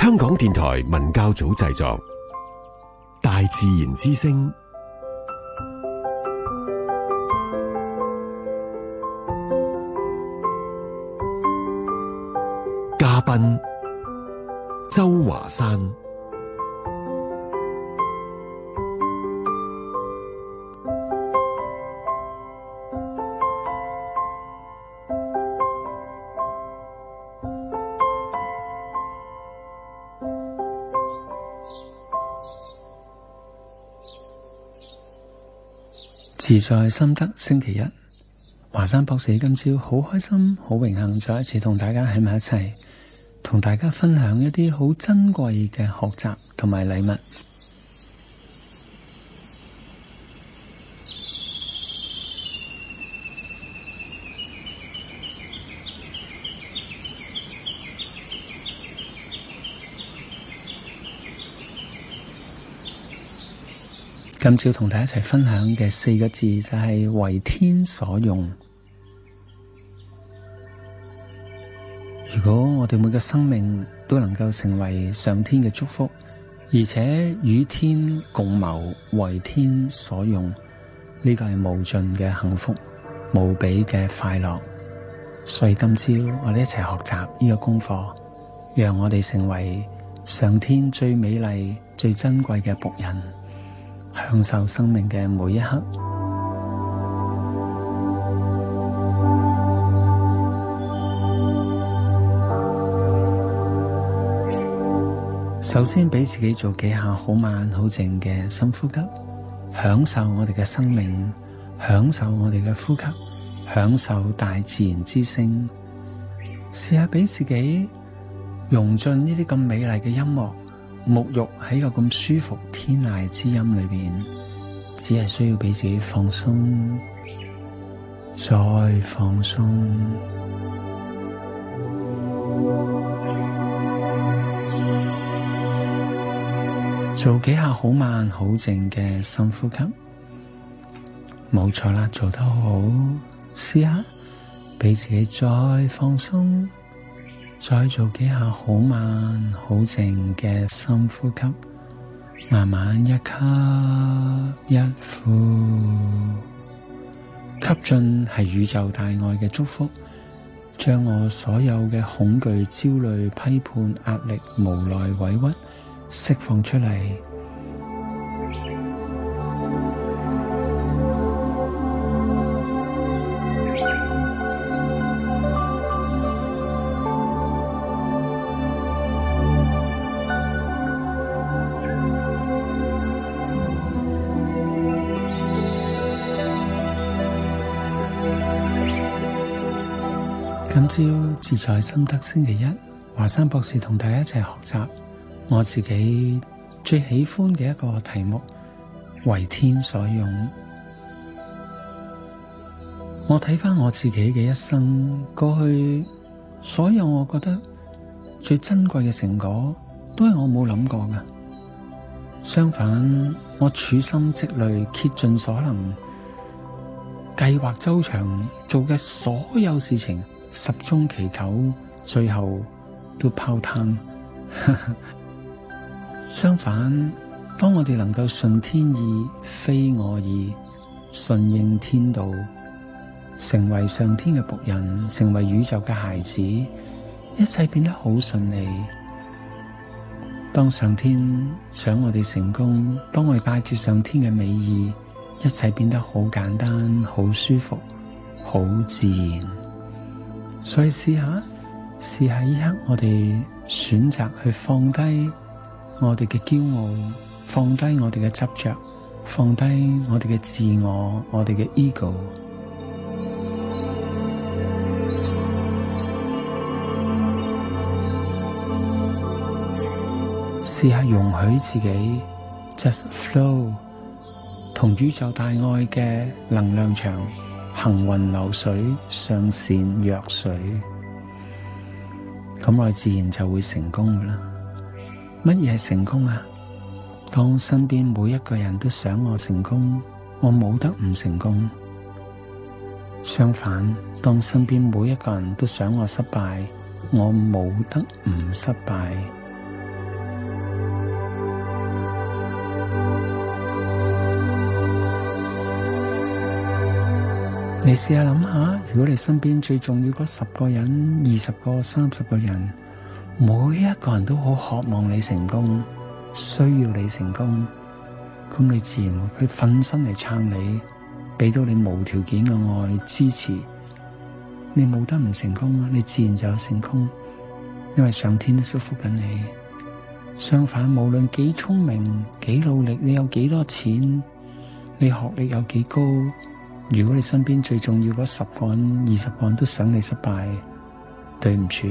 香港電台文教組製作《大自然之聲》。周華山自在心得星期一，華山博士今朝好開心，好榮幸再一次同大家喺埋一齊。同大家分享一啲好珍貴嘅學習同埋禮物。今朝同大家一齊分享嘅四個字就係為天所用。如果我哋每個生命都能夠成為上天嘅祝福，而且與天共謀，為天所用，呢個係無盡嘅幸福，無比嘅快樂。所以今朝我哋一齊學習呢個功課，讓我哋成為上天最美麗、最珍貴嘅僕人，享受生命嘅每一刻。首先，俾自己做幾下好慢好靜嘅深呼吸，享受我哋嘅生命，享受我哋嘅呼吸，享受大自然之聲。試下俾自己融進呢啲咁美麗嘅音樂，沐浴喺個咁舒服天籟之音裏邊，只係需要俾自己放鬆，再放鬆。做幾下好慢好靜嘅深呼吸，冇錯啦，做得好，試下俾自己再放鬆，再做幾下好慢好靜嘅深呼吸，慢慢一吸一呼，吸進係宇宙大愛嘅祝福，將我所有嘅恐懼、焦慮、批判、壓力、無奈、委屈，釋放出嚟。今朝自在心得星期一，華山博士同大家一齊學習。我自己最喜歡嘅一個題目，為天所用。我睇返我自己嘅一生，過去所有我覺得最珍貴嘅成果，都係我冇諗過嘅。相反，我處心積慮、竭盡所能、計劃周詳做嘅所有事情，十中其九，最後都泡湯。 相反，當我哋能夠順天意，非我意，順應天道，成為上天嘅僕人，成為宇宙嘅孩子，一切變得好順利。當上天想我哋成功，當我哋帶住上天嘅美意，一切變得好簡單、好舒服、好自然。所以試下，試下呢刻我哋選擇去放低。我哋嘅驕傲，放低我哋嘅執着，放低我哋嘅自我，我哋嘅 ego， 試下容許自己 just flow，同宇宙大愛嘅能量場行雲流水，上善若水，咁我自然就會成功㗎喇。乜嘢係成功啊？當身邊每一個人都想我成功，我冇得唔成功。相反，當身邊每一個人都想我失敗，我冇得唔失敗。你試下諗下，如果你身邊最重要嗰十個人、二十個、三十個人。每一個人都好渴望你成功，需要你成功，咁你自然會佢奮身嚟撐你，俾到你無條件嘅愛支持。你冇得唔成功啊。你自然就有成功，因為上天都祝福緊你。相反，無論幾聰明、幾努力，你有幾多錢，你學歷有幾高，如果你身邊最重要嗰十個人、二十個人都想你失敗，對唔住。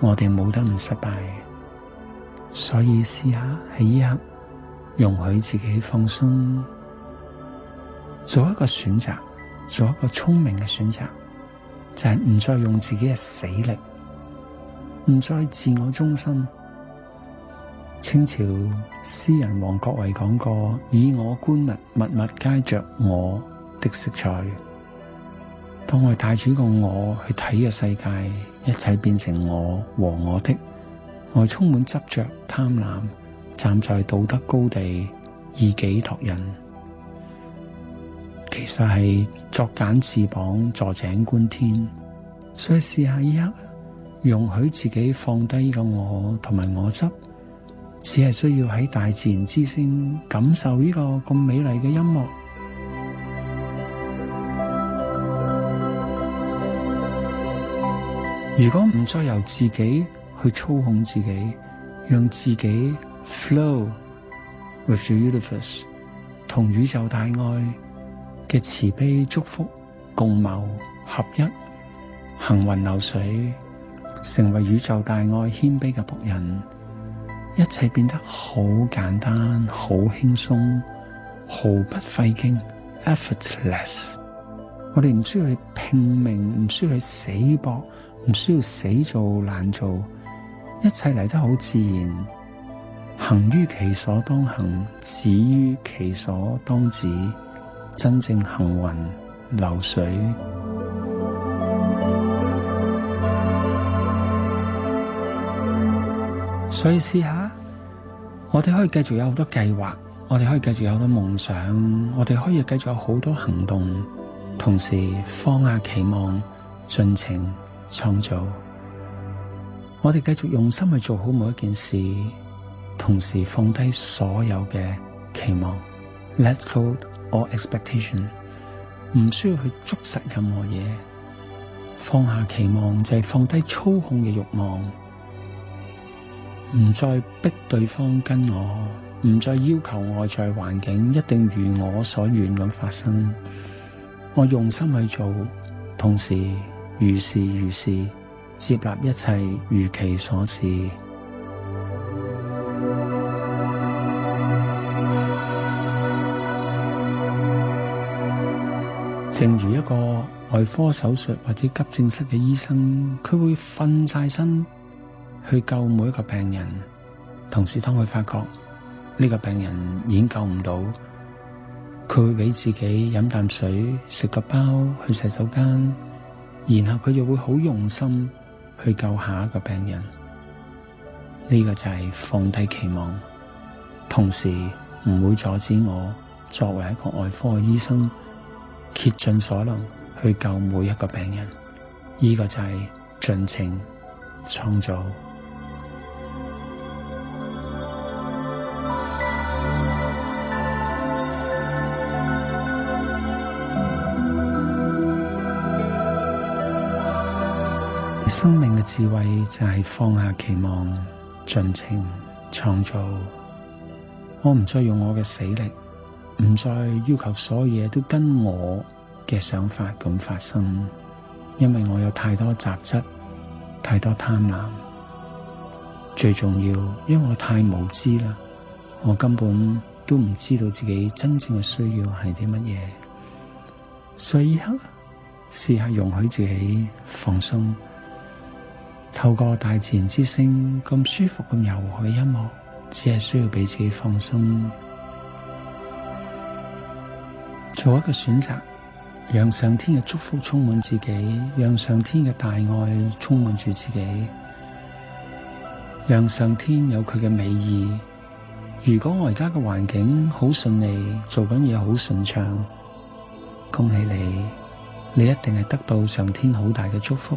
我哋冇得唔失敗，所以試下喺呢刻容許自己放鬆，做一個選擇，做一個聰明嘅選擇，就係、是、唔再用自己嘅死力，唔再自我中心。清朝詩人王國維講過：以我觀物，物物皆着我的色彩。當我帶住個我去睇嘅世界，一切變成我和我的，我充滿執着貪婪，站在道德高地以己度人，其實係作繭翅膀坐井觀天。所以試下一刻，容許自己放低依個我同埋我執，只係需要喺大自然之聲感受呢個咁美麗嘅音樂。如果唔再由自己去操控自己，讓自己 flow with the universe，同宇宙大愛嘅慈悲祝福共謀合一，行雲流水，成為宇宙大愛謙卑嘅僕人，一切變得好簡單、好輕鬆、毫不費勁，effortless。我哋唔需要去拼命，唔需要去死搏。唔需要死做懶做，一切嚟得好自然，行於其所當行，止於其所當止，真正行雲流水。 所以試下，我哋可以繼續有好多計劃，我哋可以繼續有好多夢想，我哋可以繼續有好多行動，同時放下期望，盡情。創造，我哋繼續用心去做好每一件事，同時放低所有嘅期望。Let go all expectation，唔需要去捉實任何嘢，放下期望就係放低操控嘅慾望，唔再逼對方跟我，唔再要求外在環境一定如我所願咁發生。我用心去做，同時。如是如是，接納一切如其所是。 正如一個外科手術或者急症室嘅醫生，佢會瞓晒身去救每一個病人。同時，當佢發覺呢、這個病人已經救唔到，佢會俾自己飲啖水、食個包、去洗手間。然後佢就會好用心去救下一個病人，呢個就係放低期望，同時唔會阻止我作為一個外科醫生竭盡所能去救每一個病人，呢個就係盡情創造。生命嘅智慧就係放下期望，盡情創造。我唔再用我嘅死力，唔再要求所有嘢都跟我嘅想法咁發生，因為我有太多雜質，太多貪婪。最重要，因為我太無知啦，我根本都唔知道自己真正嘅需要係啲乜嘢。所以依刻，試下容許自己放鬆。透過大自然之聲咁舒服、咁柔和嘅音樂，只係需要俾自己放鬆，做一個選擇，讓上天嘅祝福充滿自己，讓上天嘅大愛充滿住自己，讓上天有佢嘅美意。如果我而家嘅環境好順利，做緊嘢好順暢，恭喜你，你一定係得到上天好大嘅祝福。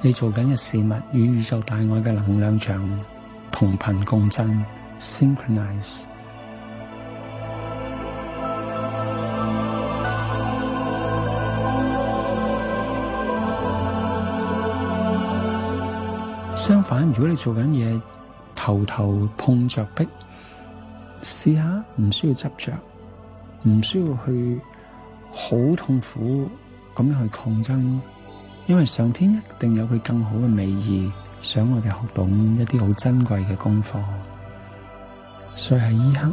你做緊嘅事物與宇宙大愛嘅能量場同頻共振，synchronize。Synchron 相反，如果你做緊嘢，頭頭碰着壁，試下唔需要執着，唔需要去好痛苦咁樣去抗爭。因為上天一定有佢更好嘅美意，想我哋學懂一啲好珍貴嘅功課，所以喺呢刻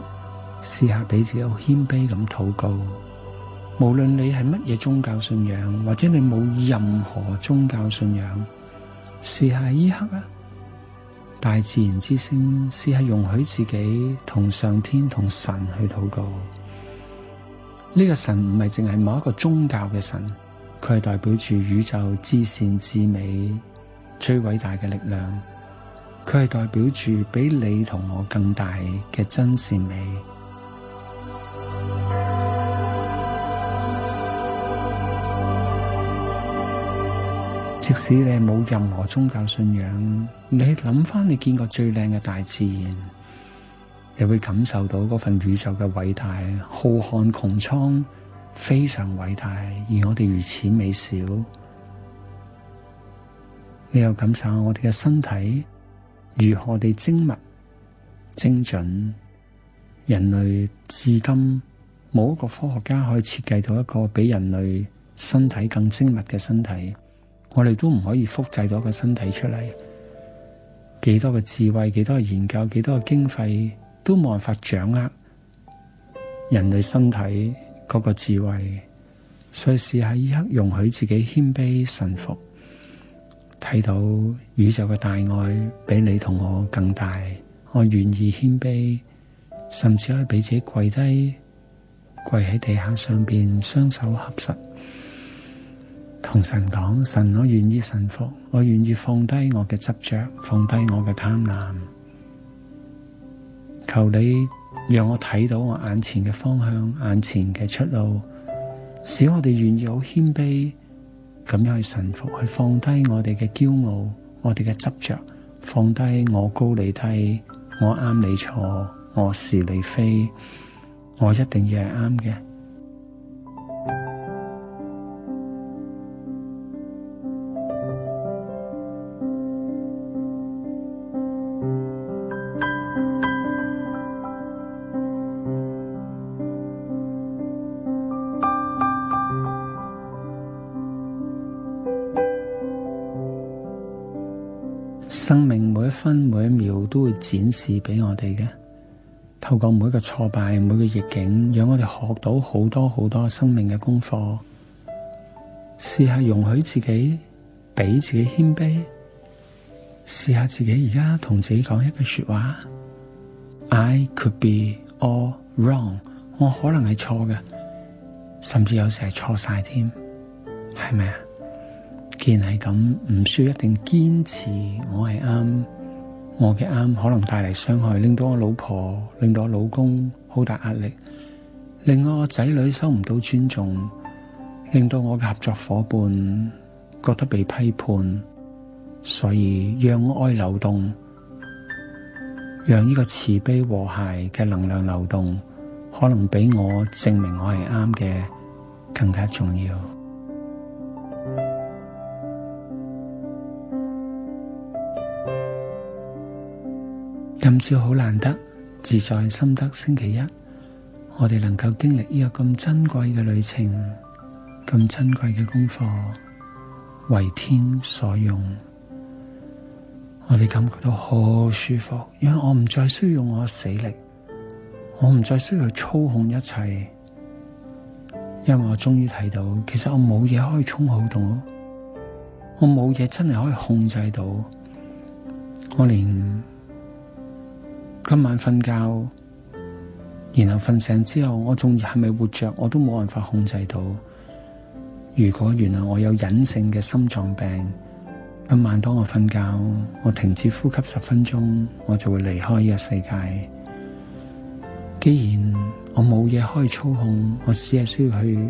試下俾自己好謙卑咁禱告。無論你係乜嘢宗教信仰，或者你冇任何宗教信仰，試下呢刻啊，大自然之聲，試下容許自己同上天同神去禱告。呢、這個神唔係淨係某一個宗教嘅神。佢係代表住宇宙至善至美最偉大嘅力量，佢係代表住比你同我更大嘅真善美。 即使你冇任何宗教信仰，你諗翻你見過最靚嘅大自然，又會感受到嗰份宇宙嘅偉大、浩瀚窮、穹蒼。非常偉大，而我哋如此微小。你又感受下我哋嘅身體如何地精密、精準。人類至今冇一個科學家可以設計到一個比人類身體更精密嘅身體。我哋都唔可以複製到一個身體出嚟。幾多嘅智慧、幾多嘅研究、幾多嘅經費，都冇辦法掌握人類身體。各個智慧，所以試下喺呢一刻容許自己謙卑臣服，睇到宇宙嘅大愛比你同我更大，我願意謙卑，甚至可以俾自己跪低，跪喺地下上邊，雙手合十，同神講：神，我願意臣服，我願意放低我嘅執着，放低我嘅貪婪，求你。讓我睇到我眼前嘅方向、眼前嘅出路，使我哋願意好謙卑，咁樣去臣服，去放低我哋嘅驕傲、我哋嘅執着，放低我高你低，我啱你錯，我是你非，我一定要係啱嘅。分每一秒都會展示俾我哋嘅，透過每一個挫敗、每個逆境，讓我哋學到好多好多生命嘅功課。試下容許自己，俾自己謙卑。試下自己而家同自己講一句說話：I could be all wrong，我可能係錯嘅，甚至有時係錯晒添，係咪啊？既然係咁，唔需要一定堅持我係啱。我嘅啱可能帶嚟傷害，令到我老婆、令到我老公好大壓力，令我仔女收唔到尊重，令到我嘅合作夥伴覺得被批判。所以讓我愛流動，讓呢個慈悲和諧嘅能量流動，可能比我證明我係啱嘅更加重要。今朝好難得自在心得，星期一我哋能夠經歷呢個咁珍貴嘅旅程，咁珍貴嘅功課為天所用，我哋感覺到好舒服，因為我唔再需要我嘅死力，我唔再需要操控一切，因為我終於睇到，其實我冇嘢可以沖好到，我冇嘢真係可以控制到，我連。今晚瞓覺，然後瞓醒之後，我仲係咪活着，我都冇辦法控制到。如果原來我有隱性嘅心臟病，今晚當我瞓覺，我停止呼吸十分鐘，我就會離開呢個世界。既然我冇嘢可以操控，我只係需要去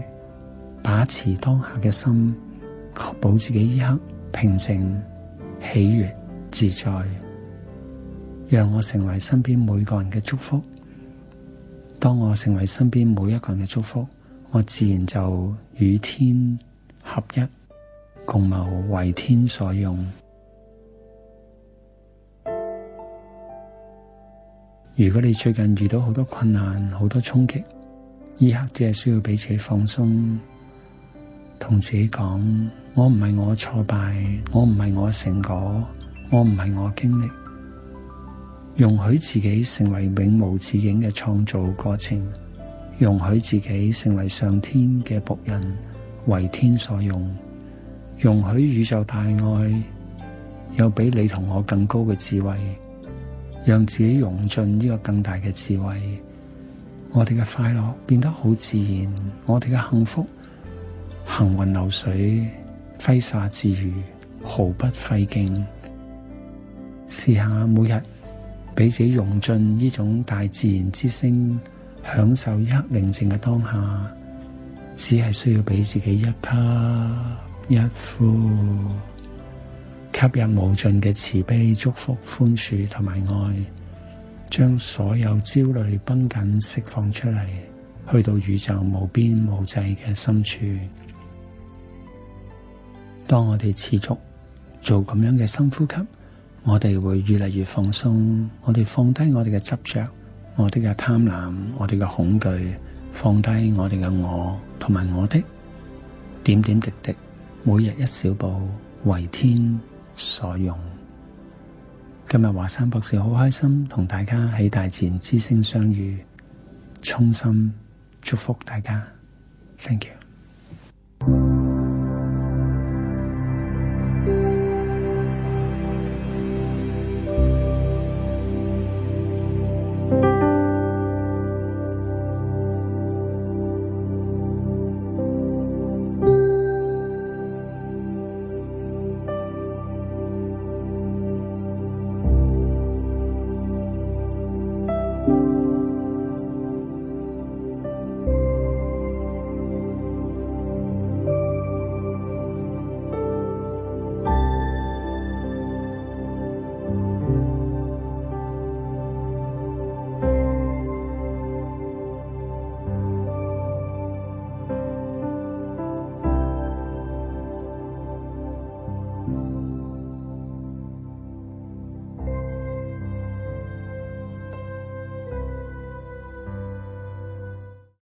把持當下嘅心，確保自己一刻平靜、喜悅、自在。讓我成為身邊每個人嘅祝福。當我成為身邊每一個人嘅祝福，我自然就與天合一，共謀為天所用。如果你最近遇到好多困難、好多衝擊，一刻只係需要畀自己放鬆，同自己講：我唔係我挫敗，我唔係我成果，我唔係我經歷。容許自己成為永無止境嘅創造過程，容許自己成為上天嘅僕人，為天所用。容許宇宙大愛有比你同我更高嘅智慧，讓自己融進呢個更大嘅智慧。我哋嘅快樂變得好自然，我哋嘅幸福行雲流水，揮灑自如，毫不費勁。試下每日。俾自己融進呢種大自然之聲，享受一刻寧靜嘅當下，只係需要俾自己一吸一呼，吸入無盡嘅慈悲、祝福、寬恕同埋愛，將所有焦慮繃緊釋放出嚟，去到宇宙無邊無際嘅深處。當我哋持續做咁樣嘅深呼吸，我哋會越嚟越放鬆，我哋放低我哋嘅執着，我哋嘅貪婪，我哋嘅恐懼，放低我哋嘅我同埋我的點點滴滴，每日一小步，為天所用。今日華山博士好開心同大家喺大自然之聲相遇，衷心祝福大家，Thank you。